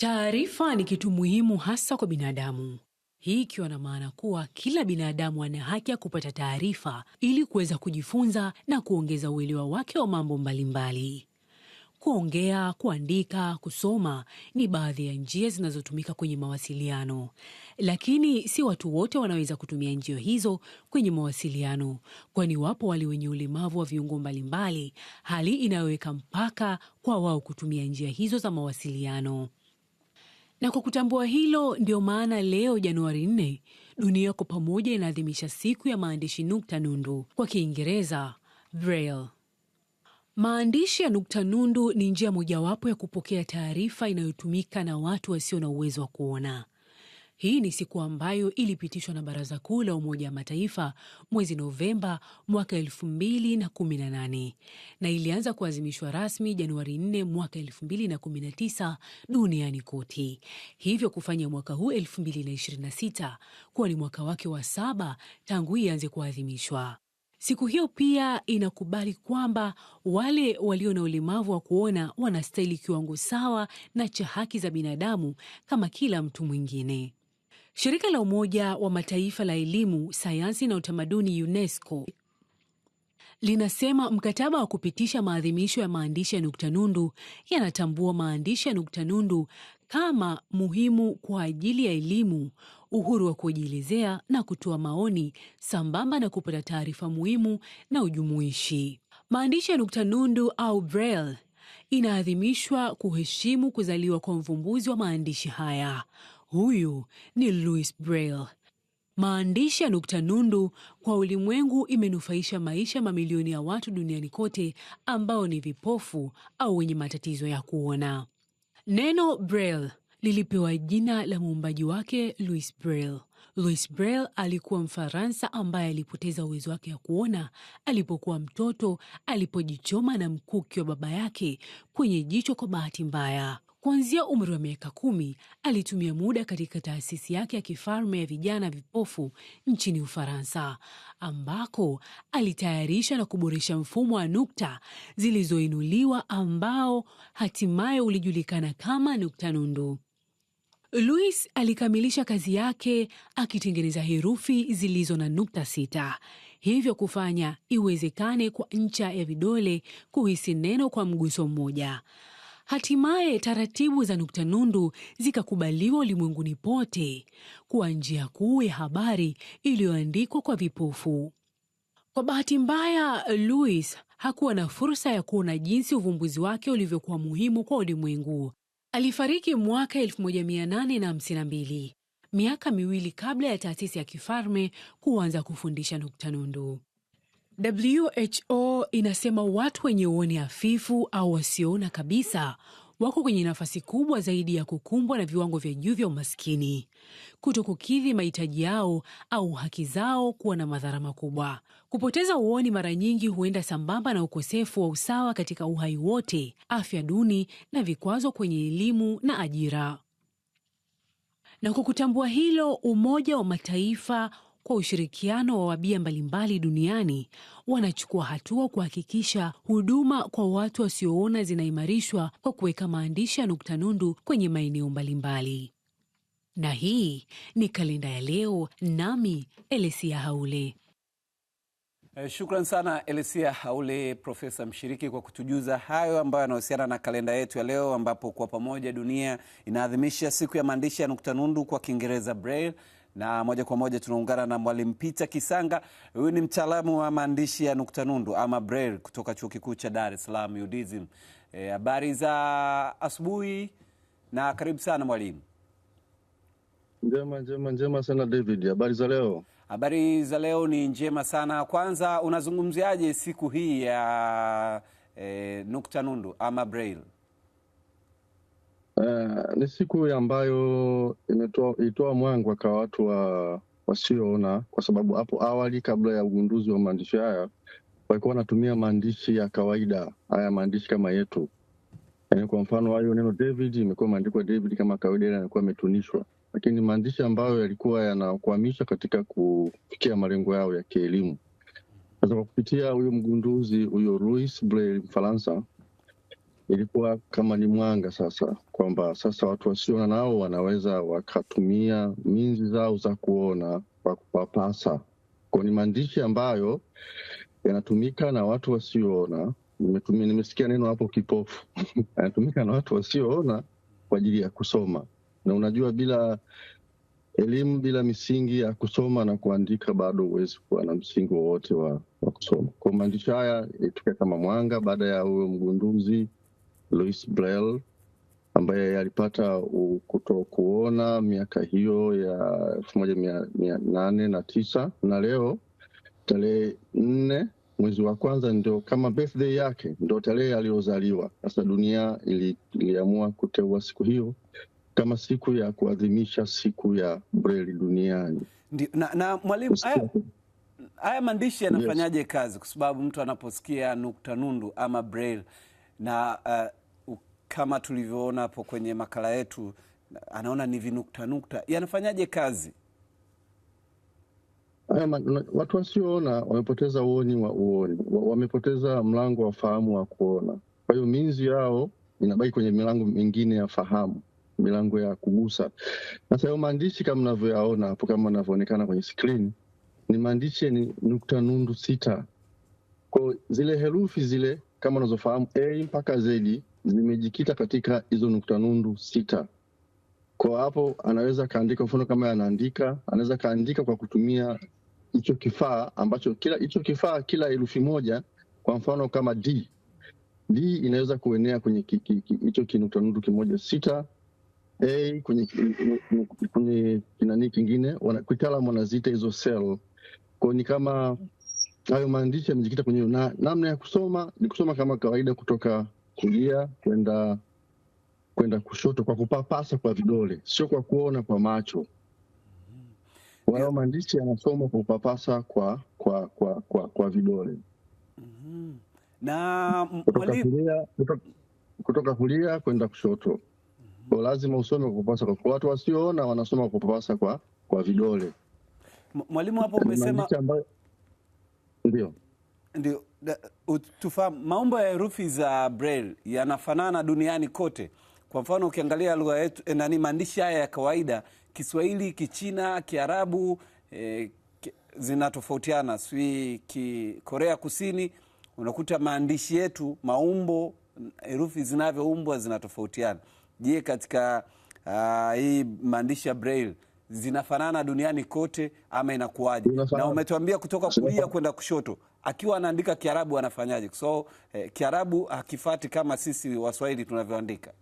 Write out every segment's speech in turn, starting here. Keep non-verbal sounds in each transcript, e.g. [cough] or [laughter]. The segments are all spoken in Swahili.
Taarifa ni kitu muhimu hasa kwa binadamu, hii ikiwa na maana kuwa kila binadamu ana haki ya kupata taarifa ili kuweza kujifunza na kuongeza uelewa wake wa mambo mbalimbali. Kuongea, kuandika, kusoma ni baadhi ya njia zinazotumika kwenye mawasiliano, lakini si watu wote wanaweza kutumia njia hizo kwenye mawasiliano, kwani wapo wale wenye ulemavu wa viungo mbalimbali, hali inayoweka mpaka kwa wao kutumia njia hizo za mawasiliano. Na kwa kutambua hilo, ndio maana leo Januari 4 dunia kwa pamoja inaadhimisha siku ya maandishi nukta nundu, kwa Kiingereza Braille. Maandishi ya nukta nundu ni njia mojawapo ya kupokea taarifa inayotumika na watu wasio na uwezo wa kuona. Hii ni siku ambayo ilipitishwa na Baraza Kuu la Umoja wa Mataifa mwezi Novemba mwaka 2018 na ilianza kuadhimishwa rasmi Januari 4 mwaka 2019 duniani kote, hivyo kufanya mwaka huu 2026 kuwa ni mwaka wake wa saba tangu ianze kuadhimishwa. Siku hiyo pia inakubali kwamba wale walio na ulemavu wa kuona wanastahili kiwango sawa na cha haki za binadamu kama kila mtu mwingine. Shirika la Umoja wa Mataifa la elimu, sayansi na utamaduni UNESCO linasema mkataba wa kupitisha maadhimisho ya maandishi ya nukta nundu yanatambua maandishi ya nukta nundu kama muhimu kwa ajili ya elimu, uhuru wa kujielezea na kutoa maoni, sambamba na kupata taarifa muhimu na ujumuishi. Maandishi ya nukta nundu au braille inaadhimishwa kuheshimu kuzaliwa kwa mvumbuzi wa maandishi haya. Huyu ni Louis Braille. Maandishi ya nukta nundu kwa ulimwengu imenufaisha maisha mamilioni ya watu duniani kote ambao ni vipofu au wenye matatizo ya kuona. Neno Braille lilipewa jina la muumbaji wake Louis Braille. Louis Braille alikuwa Mfaransa ambaye alipoteza uwezo wake wa kuona alipokuwa mtoto alipojichoma na mkuki wa baba yake kwenye jicho kwa bahati mbaya. Kuanzia umri wa miaka kumi alitumia muda katika taasisi yake ya kifalme ya vijana vipofu nchini Ufaransa, ambako alitayarisha na kuboresha mfumo wa nukta zilizoinuliwa ambao hatimaye ulijulikana kama nukta nundu. Louis alikamilisha kazi yake akitengeneza herufi zilizo na nukta sita, hivyo kufanya iwezekane kwa ncha ya vidole kuhisi neno kwa mguso mmoja. Hatimaye taratibu za nukta nundu zikakubaliwa ulimwenguni pote kuwa njia kuu ya habari iliyoandikwa kwa vipofu. Kwa bahati mbaya, Louis hakuwa na fursa ya kuona jinsi uvumbuzi wake ulivyokuwa muhimu kwa ulimwengu. Alifariki mwaka 1852 miaka miwili kabla ya taasisi ya kifalme kuanza kufundisha nukta nundu. WHO inasema watu wenye uoni hafifu au wasioona kabisa wako kwenye nafasi kubwa zaidi ya kukumbwa na viwango vya juu vya umaskini, kuto kukidhi mahitaji yao au haki zao, kuwa na madhara makubwa. Kupoteza uoni mara nyingi huenda sambamba na ukosefu wa usawa katika uhai wote, afya duni na vikwazo kwenye elimu na ajira. Na kwa kutambua hilo, Umoja wa Mataifa kwa ushirikiano wa wabia mbalimbali duniani wanachukua hatua kuhakikisha huduma kwa watu wasioona zinaimarishwa kwa kuweka maandishi ya nukta nundu kwenye maeneo mbalimbali. Na hii ni kalenda ya leo, nami Elesia Haule. Eh, shukran sana Elesia Haule, profesa mshiriki, kwa kutujuza hayo ambayo yanahusiana na kalenda yetu ya leo, ambapo kwa pamoja dunia inaadhimisha siku ya maandishi ya nukta nundu kwa Kiingereza braille na moja kwa moja tunaungana na Mwalimu Peter Kisanga. Huyu ni mtaalamu wa maandishi ya nukta nundu ama braille kutoka Chuo Kikuu cha Dar es Salaam UDSM. E, habari e, za asubuhi na karibu sana mwalimu. Njema, njema, njema sana David. Habari za leo? Habari za leo ni njema sana. Kwanza unazungumziaje siku hii ya e, nukta nundu ama braille? Eh, ni siku ambayo ilitoa mwangwa kwa watu wa wasioona, kwa sababu hapo awali kabla ya ugunduzi wa maandishi haya walikuwa wanatumia maandishi ya kawaida, haya maandishi kama yetu. Yani kwa mfano hayo neno David imekuwa imeandikwa David kama kawaida, ile anakuwa ametunishwa, lakini maandishi ambayo yalikuwa yanakwamisha katika kufikia malengo yao ya kielimu. Sasa kwa kupitia huyo mgunduzi huyo Louis Mfaransa ilikuwa kama ni mwanga sasa, kwamba sasa watu wasiona nao wanaweza wakatumia minzi zao za kuona kwa kuwapasa. Kwa ni maandishi ambayo yanatumika na watu wasioona. Nimesikia neno hapo kipofu [laughs] yanatumika na watu wasioona kwa ajili ya kusoma, na unajua, bila elimu, bila misingi ya kusoma na kuandika, bado huwezi kuwa na msingi wowote wa, wa kusoma. Kwa maandishi haya ilitokea kama mwanga baada ya huyo mgunduzi Louis Braille ambaye alipata kutokuona miaka hiyo ya elfu moja mia, mia nane na tisa na leo tarehe nne mwezi wa kwanza ndio kama birthday yake, ndio tarehe aliyozaliwa. Sasa dunia ili, iliamua kuteua siku hiyo kama siku ya kuadhimisha siku ya breli duniani. Ndiyo, na, na mwalimu haya, haya maandishi yanafanyaje yes, kazi? Kwa sababu mtu anaposikia nukta nundu ama braille na uh, kama tulivyoona hapo kwenye makala yetu, anaona ni vinukta nukta. Yanafanyaje kazi? Watu wasioona wamepoteza uoni wa uoni, wamepoteza mlango wa fahamu wa kuona. Kwa hiyo minzi yao inabaki kwenye milango mingine ya fahamu, milango ya kugusa. Sasa hayo maandishi kama mnavyoyaona hapo, kama anavyoonekana kwenye skrini, ni maandishi yenye nukta nundu sita, kwa zile herufi zile kama unazofahamu a mpaka zedi zimejikita katika hizo nukta nundu sita. Kwa hapo anaweza kaandika, mfano kama anaandika, anaweza kaandika kwa kutumia hicho kifaa ambacho kila hicho kifaa kila herufi moja, kwa mfano kama D, D inaweza kuenea kwenye hicho kinukta nundu kimoja sita. A kwenye kwenye kinani kingine, kitaalamu wanaziita hizo sel. Kwa ni kama hayo maandishi yamejikita kwenye na, namna ya kusoma ni kusoma kama kawaida kutoka kulia kwenda kwenda kushoto kwa kupapasa kwa vidole, sio kwa kuona kwa macho. Kwa mm-hmm. hiyo maandishi anasoma kwa kupapasa kwa kwa kwa kwa, kwa vidole mm-hmm. na kutoka kulia, kutoka, kulia kwenda kushoto. Kwa lazima usome kwa kupapasa kwa watu wasioona wanasoma kwa kupapasa kwa kwa vidole. Mwalimu hapo umesema ndio ndio tufahamu maumbo ya herufi za braille yanafanana duniani kote. Kwa mfano ukiangalia lugha yetu eh, nani, maandishi haya ya kawaida Kiswahili, Kichina, Kiarabu e, zinatofautiana swi ki Korea Kusini, unakuta maandishi yetu maumbo herufi zinavyoumbwa zinatofautiana. Je, katika uh, hii maandishi ya braille zinafanana duniani kote ama inakuwaje? Na umetuambia kutoka kulia kwenda kushoto akiwa anaandika Kiarabu anafanyaje? So eh, Kiarabu hakifati kama sisi Waswahili tunavyoandika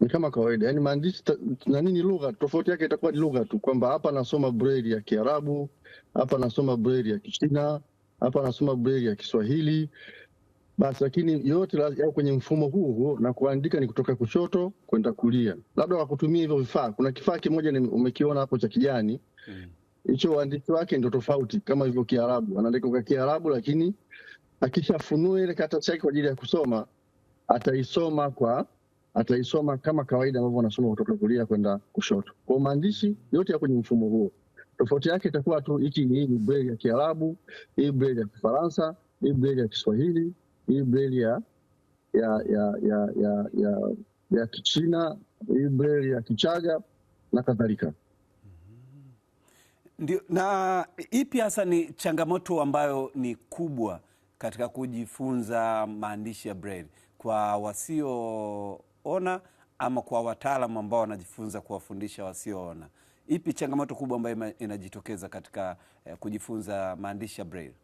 ni kama kawaida, yani maandishi na nini, lugha tofauti yake itakuwa ni lugha tu, kwamba hapa nasoma breli ya Kiarabu, hapa nasoma breli ya Kichina, hapa nasoma breli ya Kiswahili basi, lakini yote yao kwenye mfumo huu huo, na kuandika ni kutoka kushoto kwenda kulia, labda wakutumia hivyo vifaa. Kuna kifaa kimoja umekiona hapo cha kijani, mm hicho uandishi wake ndo tofauti kama hivyo Kiarabu, anaandika kwa Kiarabu, lakini akishafunua ile karatasi yake kwa ajili ya kusoma ataisoma kwa ataisoma kama kawaida ambavyo wanasoma kutoka kulia kwenda kushoto. Kwa maandishi yote ya kwenye mfumo huo, tofauti yake itakuwa tu hiki, hii breli ya Kiarabu, hii breli ya Kifaransa, hii breli ya Kiswahili, hii breli ya ya ya ya ya ya, ya Kichina, hii breli ya Kichaga na kadhalika. Ndiyo, na ipi hasa ni changamoto ambayo ni kubwa katika kujifunza maandishi ya Braille kwa wasioona ama kwa wataalamu ambao wanajifunza kuwafundisha wasioona? Ipi changamoto kubwa ambayo inajitokeza katika eh, kujifunza maandishi ya Braille?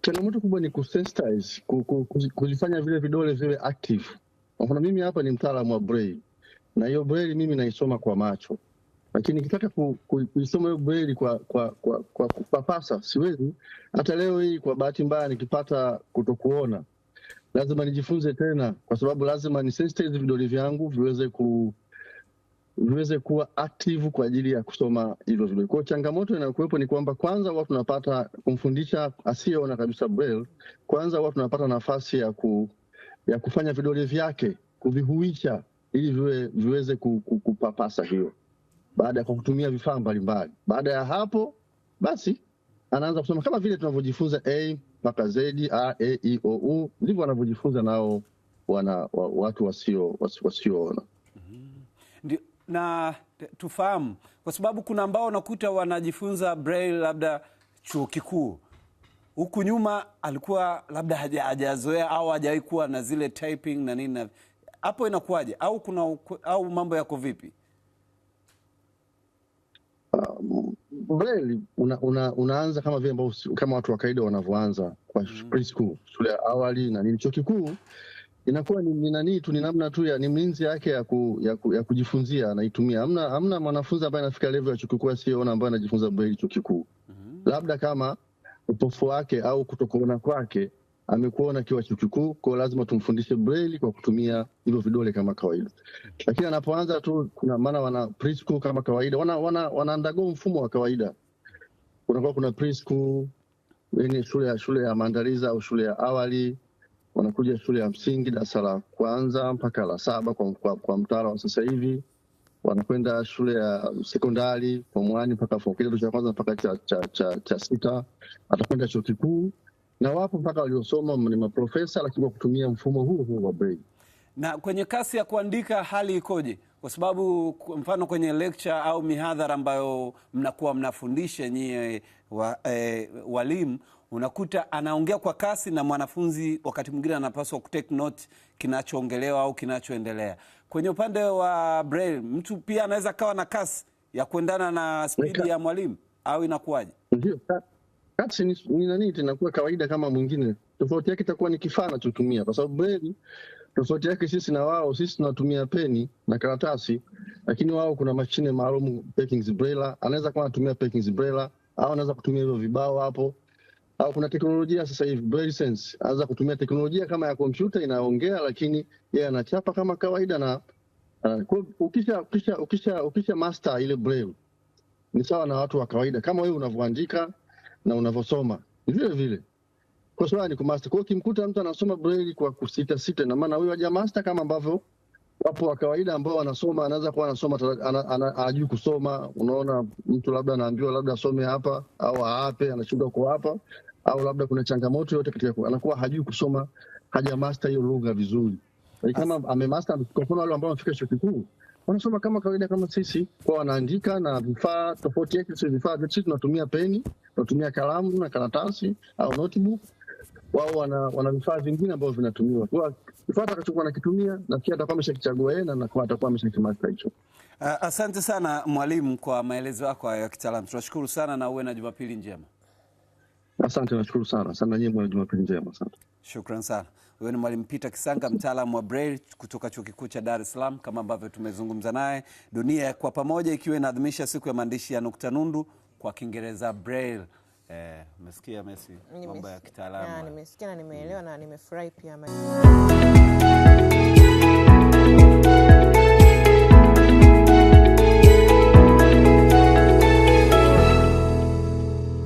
Changamoto kubwa ni kusensitize, kujifanya vile vidole viwe active. Kwa mfano mimi hapa ni mtaalamu wa Braille na hiyo Braille mimi naisoma kwa macho lakini nikitaka kuisoma hiyo Braille kwa kwa kwa kwa kupapasa siwezi. Hata leo hii kwa bahati mbaya nikipata kutokuona, lazima nijifunze tena, kwa sababu lazima ni sensitize vidole vyangu viweze ku viweze kuwa active kwa ajili ya kusoma hivyo vidole. Kwa changamoto inayokuwepo ni kwamba kwanza huwa tunapata kumfundisha asiyeona kabisa Braille, kwanza huwa tunapata nafasi ya ku, ya kufanya vidole vyake kuvihuisha ili viwe, viweze kupapasa hiyo baada ya kutumia vifaa mbalimbali. Baada ya hapo basi anaanza kusoma kama vile tunavyojifunza a mpaka z a e i o u, ndivyo wanavyojifunza nao wana wa, watu wasio wasioona mm -hmm. na tufahamu, kwa sababu kuna ambao unakuta wanajifunza braille labda chuo kikuu huku nyuma alikuwa labda hajazoea au hajawahi kuwa na zile typing na nini, hapo inakuwaje? Au kuna au mambo yako vipi? Braille una, una, unaanza kama vile kama watu wa kawaida wanavyoanza kwa preschool, mm. shule ya awali na nini. Chuo kikuu inakuwa ni nanii tu, ni namna tu ya ni mlinzi yake ya, ku, ya, ku, ya kujifunzia anaitumia. Hamna hamna mwanafunzi ambaye anafika level ya chuo kikuu asiyeona ambaye anajifunza Braille chuo kikuu, mm. labda kama upofu wake au kutokuona kwake amekuona kiwa chuo kikuu, kwa lazima tumfundishe breli kwa kutumia hivyo vidole kama kawaida. Lakini anapoanza tu, kuna maana wana preschool kama kawaida, wana wana wana undergo mfumo wa kawaida, kunakuwa kuna preschool yenye shule ya shule ya maandalizi au shule ya awali, wanakuja shule ya msingi darasa la kwanza mpaka la saba kwa, kwa, kwa mtaala wa sasa hivi wanakwenda shule ya sekondari form one mpaka form kidato cha kwanza mpaka cha, cha, cha, cha sita, atakwenda chuo kikuu na wapo mpaka waliosoma ni maprofesa, lakini kwa kutumia mfumo huu huu wa braille. Na kwenye kasi ya kuandika hali ikoje? Kwa sababu mfano kwenye lecture au mihadhara ambayo mnakuwa mnafundisha nyie wa, e, walimu unakuta anaongea kwa kasi na mwanafunzi wakati mwingine anapaswa kutake note kinachoongelewa au kinachoendelea. Kwenye upande wa braille, mtu pia anaweza kawa na kasi ya kuendana na spidi ya mwalimu au inakuwaje? Ndio kati ni, ni nani inakuwa kawaida kama mwingine. Tofauti yake itakuwa ni kifaa anachotumia, kwa sababu breli, tofauti yake sisi na wao, sisi tunatumia peni na karatasi, lakini wao kuna mashine maalum Perkins Braille, anaweza kuwa anatumia Perkins Braille au anaweza kutumia hivyo vibao hapo, au kuna teknolojia sasa hivi Braille Sense, anaweza kutumia teknolojia kama ya kompyuta inaongea, lakini yeye yeah, anachapa kama kawaida na uh, ukisha, ukisha, ukisha, ukisha master ile Braille ni sawa na watu wa kawaida kama wewe unavyoandika na unavyosoma ni vile vile. Kwa sababu ni kumaster. Kwa hiyo ukimkuta mtu anasoma braille kwa kusita sita, na maana huyo haja master kama ambavyo wapo wa kawaida ambao wanasoma, anaweza kuwa anasoma anajui kusoma. Unaona, mtu labda anaambiwa labda asome hapa au aape, anashindwa kwa hapa au labda kuna changamoto yote katika, anakuwa hajui kusoma, haja master hiyo lugha vizuri. Kama amemaster, kwa mfano wale ambao wamefika chuo kikuu wanasoma kama kawaida kama sisi kwa wanaandika na vifaa tofauti yake, sio vifaa vyetu sisi. Tunatumia peni, tunatumia kalamu na karatasi au notebook. Wao wana, wana vifaa vingine ambavyo vinatumiwa kwa kifaa atakachokuwa nakitumia, nafikiri atakuwa ameshakichagua yeye na atakuwa ameshakimasta hicho. Uh, asante sana mwalimu kwa maelezo yako hayo ya kitaalamu, tunashukuru sana na uwe na Jumapili njema. Asante, nashukuru sana sana, nyie mwana na Jumapili njema, asante, shukran sana. Huyo ni Mwalimu Peter Kisanga, mtaalamu wa Braille kutoka Chuo Kikuu cha Dar es Salaam, kama ambavyo tumezungumza naye. Dunia kwa Pamoja ikiwa inaadhimisha siku ya maandishi ya nukta nundu kwa Kiingereza Braille. Eh, umesikia Messi, mambo ya kitaalamu. Ah, nimesikia na nimeelewa na nimefurahi pia.